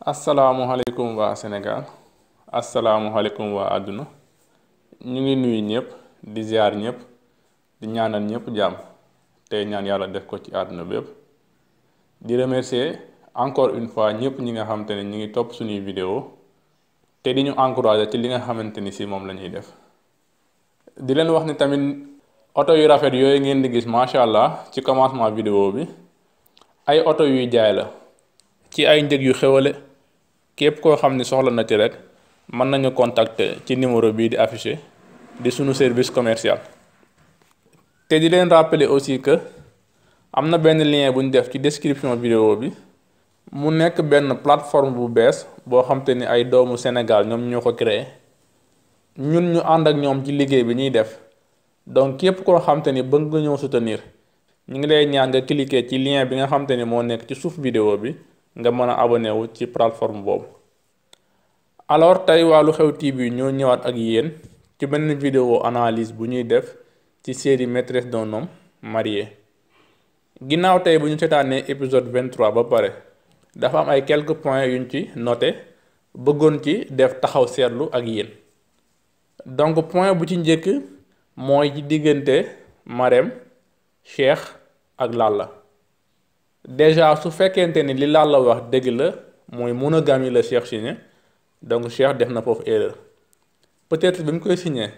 asalaamualeykum waa Sénégal asalaamualeykum waa àdduna ñu ngi nuyu ñëpp di ziar ñëpp di ñaanal ñëpp jàmm tey ñaan yàlla def ko ci àdduna bépp di remercier encore une fois ñëpp ñi nga xamante ne ñu ngi topp suñuy vidéo te di ñu encourager ci li nga xamante ni si moom la ñuy def di leen wax ni tamit oto yu rafet yooyu ngeen di gis macha allah ci commencement vidéo bi ay oto yuy jaay la ci ay njëg yu xewale képp koo xam ni soxla na ci rek mën nañu contacter ci numéro bii di affiché di suñu service commercial. te di leen rappeler aussi que am na benn lien bu def ci description vidéo bi mu nekk benn plateforme bu bees boo xam ni ay doomu Sénégal ñoom ñoo ko créé ñun ñu ànd ak ñoom ci liggéey bi ñuy def donc képp koo xam ni bëgg nga ñëw soutenir ñu ngi lay ñaan nga cliquer ci lien bi nga xam te ni moo nekk ci suuf vidéo bi. nga mën a abonné wu ci plateforme boobu alors tey waa Lu Xew TV ñoo ñëwaat ak yéen ci benn vidéo analyse bu ñuy def ci série maîtresse d'un homme marié ginnaaw tey bu ñu seetaanee épisode 23 ba pare dafa am ay quelques points yuñ ci note bëggoon ci def taxaw seetlu ak yéen donc point bu ci njëkk mooy ci diggante Marème Cheikh ak Lalla déjà su fekkente ni li laal la wax dëgg la mooy monogamie la Cheikh signé donc Cheikh def na foofu erreur peut-être bi mu koy signé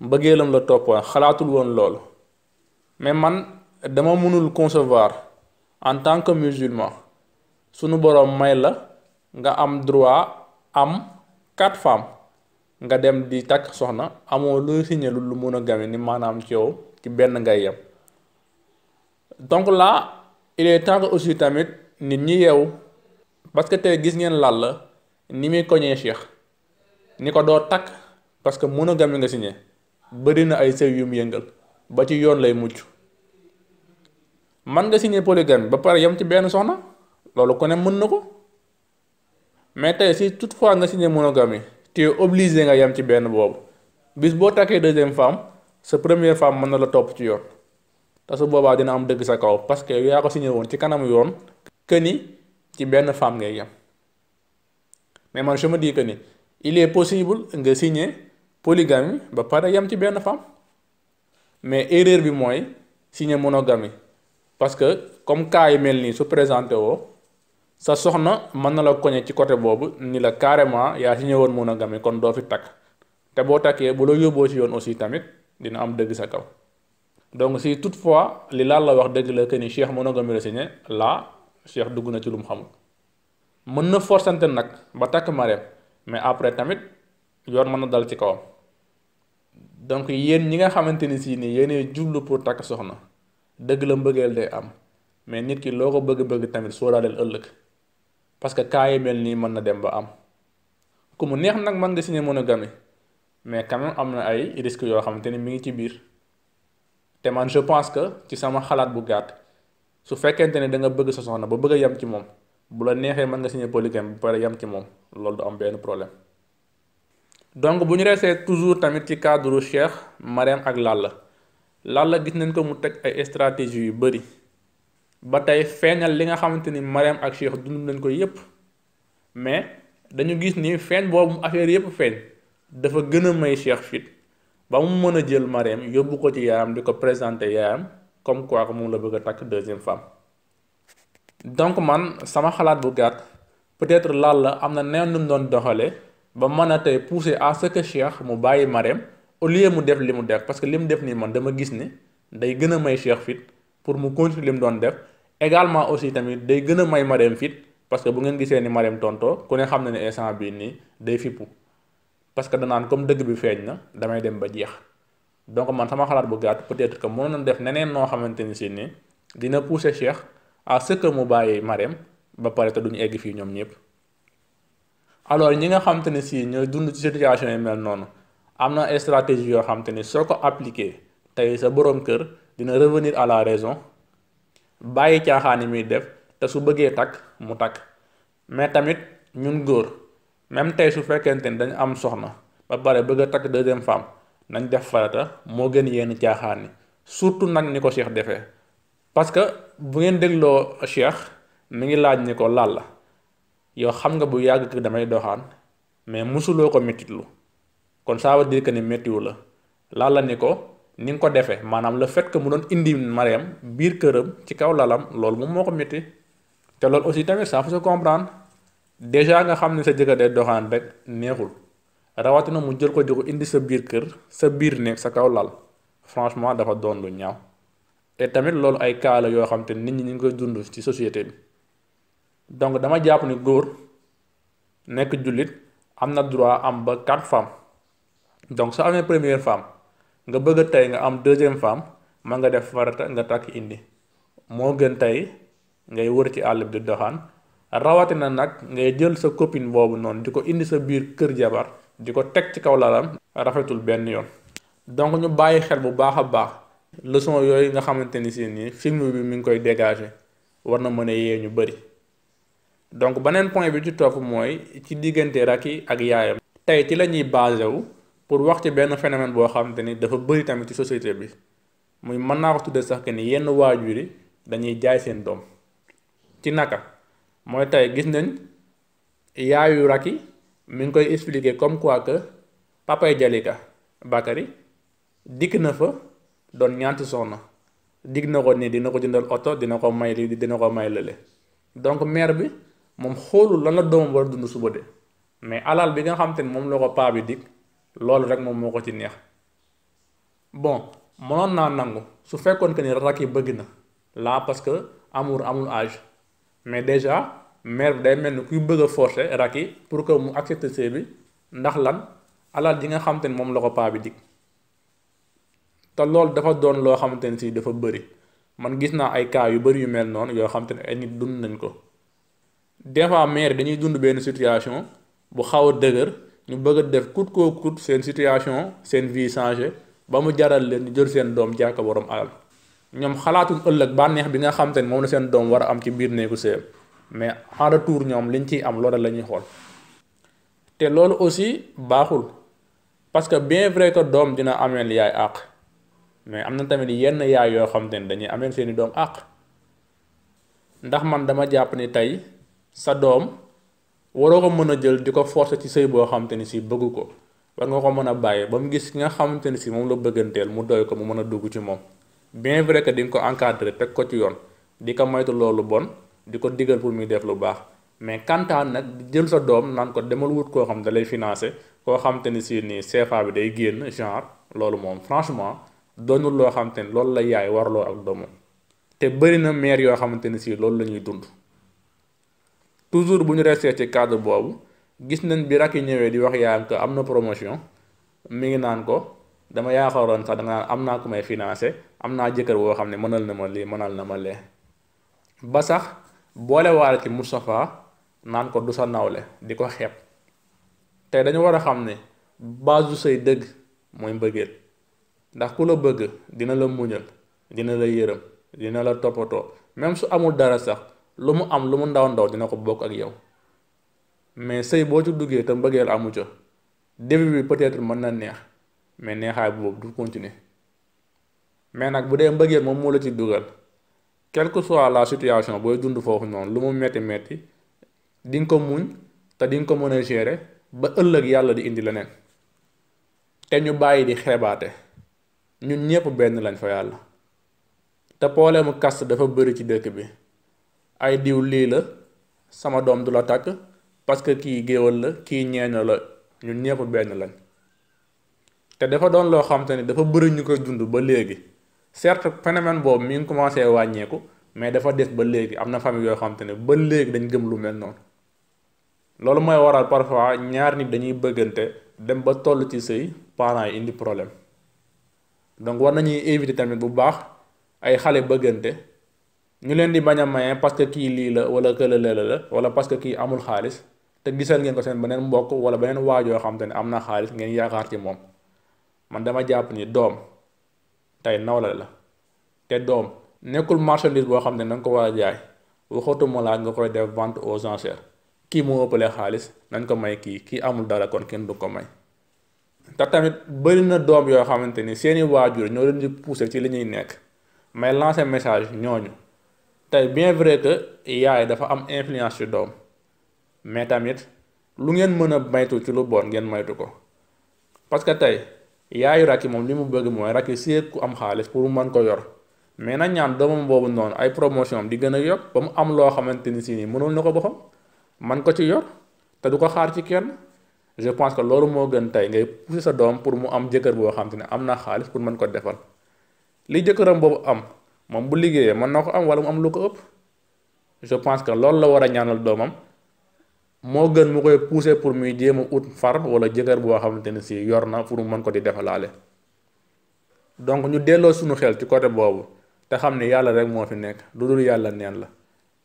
mbëggeelam la toppoon ah, xalaatul woon loolu mais man dama mënul concevoir en tant que musulman sunu boroom may la nga am droit am quatre femmes nga dem di takk soxna amoo luy signé lu monogamie ni maanaam ci yow ci benn ngay yem donc là il est que aussi tamit nit ñi yeewu parce que tey gis ngeen Lalla ni muy koñee Cheikh ni ko doo takk parce que monogamie nga signé bëri na ay sëy yu mu yëngal ba ci yoon lay mucc man nga signé polygame ba pare yem ci benn soxna loolu ko ne mën na ko mais tey si fois nga signé monogamie tu es obligé nga yem ci benn boobu bis boo takkee deuxième femme sa première femme mën na la topp ci yoon. te boobaa dina am dëgg sa kaw parce que yaa ko signé woon ci kanam yoon que ni ci benn femme ngay yem mais man je me que ni il est possible nga signé polygamie ba pare yem ci benn femme mais erreur bi mooy signé monogamie parce que comme cas yi mel nii su présenté woo sa soxna mën na la koñe ci côté boobu ni la carrément yaa signé woon monogamie kon doo fi takk te boo takkee bu la yóbboo ci yoon aussi tamit dina am dëgg sa kaw. donc si fois li laal la wax dëgg la que ni cheikh monogami la signé la cheikh dugg na ci lu mu xamul mën na forçante nag ba takk mareem mais après tamit yoon mën na dal ci kawam donc yéen ñi nga xamante ni si ni yéenee jublu pour takk soxna dëgg la mbëggeel day am mais nit ki loo ko bëgg-bëgg tamit sóoraaleel ëllëg parce que cas yi mel nii mën na dem ba am ku mu neex nag mën nga signé monogamie mais quand am na ay risques yoo xamante ni mi ngi ci biir te man je pense que ci sama xalaat bu gàtt su fekkente ne da nga bëgg sa na ba bëgg a yem ci moom bu la neexee mën nga signé polygame ba pare yem ci moom loolu du am benn problème. donc bu ñu resee toujours tamit ci cadre Cheikh Marème ak Lalla Lalla gis nañ ko mu teg ay stratégies yu bëri ba tey feeñal li nga xamante ni Marème ak Cheikh dund nañ ko yépp mais dañu gis ni feeñ boobu affaire yépp feeñ dafa gën a may Cheikh fit ba mu mën a jël Marème yóbbu ko ci yaayam di ko présenter yaayam comme quoi que moom la bëgg a takk deuxième femme donc man sama xalaat bu gàtt peut-être laal la am na neen nu mu doon doxale ba mën a tey pousser à ce que Cheikh mu bàyyi Marème au lieu mu def li mu def parce que li mu def nii man dama gis ni day gën a may Cheikh fit pour mu continuer li mu doon def également aussi tamit day gën a may Marème fit parce que bu ngeen gisee ni Marème tontoo ku ne xam na ne instant bii nii day fippu parce que danaan comme dëgg bi feeñ na damay dem ba jeex donc man sama xalaat bu gàtt peut-être que mënoon nañ def neneen noo xamante ni si ni dina pousser Cheikh à ce que mu bàyyi Marème ba pare te duñu egg fii ñoom ñëpp alors ñi nga xamante ne si ñooy dund ci situation yi mel noonu am na stratégie yoo xamante ni soo ko appliqué tey sa boroom kër dina revenir à la raison bàyyi caaxaan yi muy def te su bëggee takk mu takk mais tamit ñun góor. même tey su fekkente ni dañ am soxna ba pare bëgg a takk deuxième femme nañ def farata moo gën yenn caaxaan yi surtout nag ni ko Cheikh defee parce que bu ngeen dégloo Cheikh mu ngi laaj ni ko laal la yow xam nga bu yàgg ki damay doxaan mais mosuloo ko méttitlu kon ça veut dire que ni méttiwu la laal la ni ko ni nga ko defee maanaam la fait que mu doon indi Mariam biir këram ci kaw lalam loolu moom moo ko métti te loolu aussi tamit ça faut se comprendre déjà nga xam ne sa jëkkër day doxaan rek neexul rawatina mu jël ko di ko indi sa biir kër sa biir nekk sa kaw lal franchement dafa doon lu ñaaw te tamit loolu ay cas yoo xam te nit ñi ñu ngi koy dund ci société bi donc dama jàpp ni góor nekk jullit am na droit am ba quatre femmes donc su amee première femme nga bëgg tey nga am deuxième femme ma nga def farata nga takk indi moo gën tey ngay wër ci àll bi di doxaan. rawatina nag ngay jël sa copine boobu noonu di ko indi sa biir kër jabar di ko teg ci kaw lalam rafetul benn yoon donc ñu bàyyi xel bu baax a baax leçon yooyu nga xamante ni si nii film bi mi ngi koy dégager war na mën a yee ñu bëri donc beneen point bi ci toog mooy ci diggante Racky ak yaayam tey ci lañuy ñuy basé wu pour wax ci benn phénomène boo xamante ni dafa bëri tamit ci société bi muy mën naa ko tuddee sax que ni yenn waajur yi dañuy jaay seen doom ci naka mooy tey gis nañ yaayu Racky mi ngi koy expliquer comme quoi que papay Jalika Bakary dikk na fa doon ñaanti soxna digg na ko nii dina ko jëndal oto dina ko may lii dina ko may lële donc maire bi moom xoolu lan la doomam war a dund suba de mais alal bi nga xam te ne moom la ko paa bi dikk loolu rek moom moo ko ci neex bon mënoon naa nangu su fekkoon que ni Racky bëgg na laa parce que amour amul âge. mais déjà maire bi day mel ni kuy bëgg a forcer rak yi pour que mu accepte sëy bi ndax lan alal ji nga xamante ni moom la ko paa bi dig te loolu dafa doon loo xamante ne si dafa bëri man gis naa ay cas yu bëri yu mel noonu yoo xamante ne ay nit dund nañ ko des fois mère dañuy dund benn situation bu xaw a dëgër ñu bëgg def kut koo kut seen situation seen vie changé ba mu jaral leen ñu jël seen doom jàkka borom alal ñoom xalaatuñ ëllëg bànneex bi nga xam te moom la seen doom war a am ci biir néegu sëyam mais en ñoom liñ ciy am loolu la ñuy xool te loolu aussi baaxul parce que bien vrai que doom dina ameel yaay àq mais am na tamit yenn yaay yoo xam te ne dañuy ameel seeni doom àq ndax man dama jàpp ni tey sa doom waroo ko mën a jël di ko forcer ci sëy boo xam te si bëgg ko war nga ko mën a bàyyi ba mu gis ki nga xamante ni si moom la bëgganteel mu doy ko mu mën a dugg ci moom bien vrai que di nga ko encadrer teg ko ci yoon di ko moytu loolu bon di ko digal pour muy def lu baax mais kantaan nag jël sa doom naan ko demal wut koo xam da lay financé koo xam te ni si nii CFA bi day génn genre loolu moom franchement doonul loo xam te loolu la yaay warloo ak doomam te bëri na maire yoo xamante ni si loolu la ñuy dund toujours bu ñu restee ci cadre boobu gis nañ bi rak yi ñëwee di wax yaayam que am na promotion mi ngi naan ko dama yaakaaroon sax da nga naan am naa ku may financé am naa jëkkër boo xam ne mënal na ma lii mënal na ma lee ba sax boole waale ci Moustapha naan ko du sa nawle di ko xeeb te dañu war a xam ne base du say dëgg mooy mbëggeel ndax ku la bëgg dina la muñal dina la yërëm dina la toppatoo même su amul dara sax lu mu am lu mu ndaw ndaw dina ko bokk ak yow mais sëy boo ci duggee te mbëggeel amu ca début bi peut-être mën na neex mais neexaay boobu du continuer mais nag bu dee mbëggeel moom moo la ci dugal quelque que soit la situation booy dund foofu noonu lu mu metti metti di ko muñ te di nga ko mën a gérer ba ëllëg yàlla di indi la leneen te ñu bàyyi di xebaate ñun ñépp benn lañ fa yàlla te problème mu caste dafa bëri ci dëkk bi ay diw lii la sama doom du la takk parce que kii géwël la kii ñeeño la ñun ñépp benn lañ te dafa doon loo xamante ni dafa bëri ñu koy dund ba léegi certes phénomène boobu mi ngi commencé wàññeeku mais dafa des ba léegi am na famille yoo xamante ne ba léegi dañ gëm lu mel noonu loolu mooy waral parfois ñaar nit dañuy bëggante dem ba toll ci sëy parents yi indi problème donc war nañuy éviter tamit bu baax ay xale bëggante ñu leen di bañ a maye parce que kii lii la wala kële la la wala parce que kii amul xaalis te gisal ngeen ko seen beneen mbokk wala beneen waajoo xam te ne am na xaalis ngeen yaakaar ci moom. man dama jàpp ni doom tey nawle la te doom nekkul marchandise boo xam ne na ko war a jaay waxatuma laa nga koy def vente aux enchères kii moo ëppale xaalis nañ ko may kii kii amul dara kon kenn du ko may te tamit bëri na doom yoo xamante ni seeni waajur ñoo leen di ci li ñuy nekk may lancer message ñooñu tey bien vrai que yaay dafa am influence ci doom mais tamit lu ngeen mën a maytu ci lu bon ngeen maytu ko parce tey yaayu rakki moom li mu bëgg mooy rakki seet ku am xaalis pour mu mën ko yor mais na ñaan doomam boobu noonu ay promotion am di gën a yor ba mu am loo xamante ni si nii mënul na ko boppam man ko ci yor te du ko xaar ci kenn je pense que loolu moo gën tey ngay pousser sa doom pour mu am jëkkër boo xam ne am na xaalis pour mën ko defal li jëkkëram boobu am moom bu liggéeyee mën na ko am wala mu am lu ko ëpp je pense que loolu la war a ñaanal doomam moo gën mu koy pousser pour muy jéem a ut far wala jëkkër boo xamante ne si yor na pour mu mën ko di defalaale donc ñu delloo suñu xel ci côté boobu te xam ne yàlla rek moo fi nekk lu dul yàlla neen la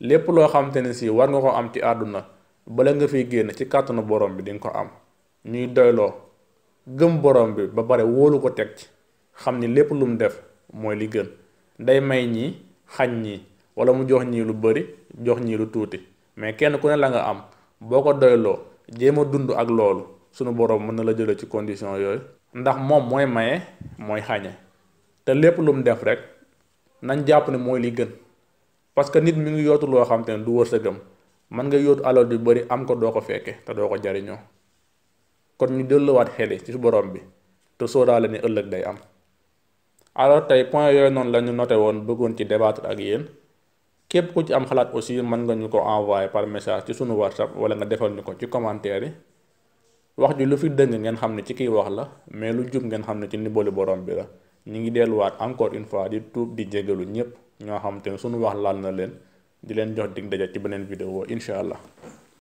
lépp loo xamante ne si war nga ko am ci àdduna bale nga fiy génn ci kàttanu borom bi di nga ko am ñuy doyloo gëm borom bi ba pare wóolu ko teg ci xam ni lépp lu def mooy li gën day may ñii xañ ñii wala mu jox ñii lu bëri jox ñii lu tuuti mais kenn ku ne la nga am. boo ko doyloo jéem a dund ak loolu sunu borom mën na la jëlee ci condition yooyu ndax moom mooy maye mooy xàññe te lépp lu mu def rek nañ jàpp ne mooy li gën parce que nit mi ngi yootu loo xam te ne du wërsëgam mën nga yootu alal yu bari am ko doo ko fekke te doo ko jariñoo kon ñu delluwaat xel yi ci borom bi te sóoraale ne ëllëg day am alors tey point yooyu noonu la ñu noté woon bëggoon ci débattre ak yéen képp ku ci am xalaat aussi mën nga ñu ko envoyé par message ci sunu whatsapp wala nga defal ñu ko ci commentaire yi wax ji lu fi dëng ngeen xam ne ci kiy wax la mais lu jub ngeen xam ne ci ndimbalu borom bi la ñu ngi delluwaat encore une fois di tuub di jégalu ñëpp ñoo xam te ne sunu wax laal na leen di leen jox dig daja ci beneen vidéo incha allah.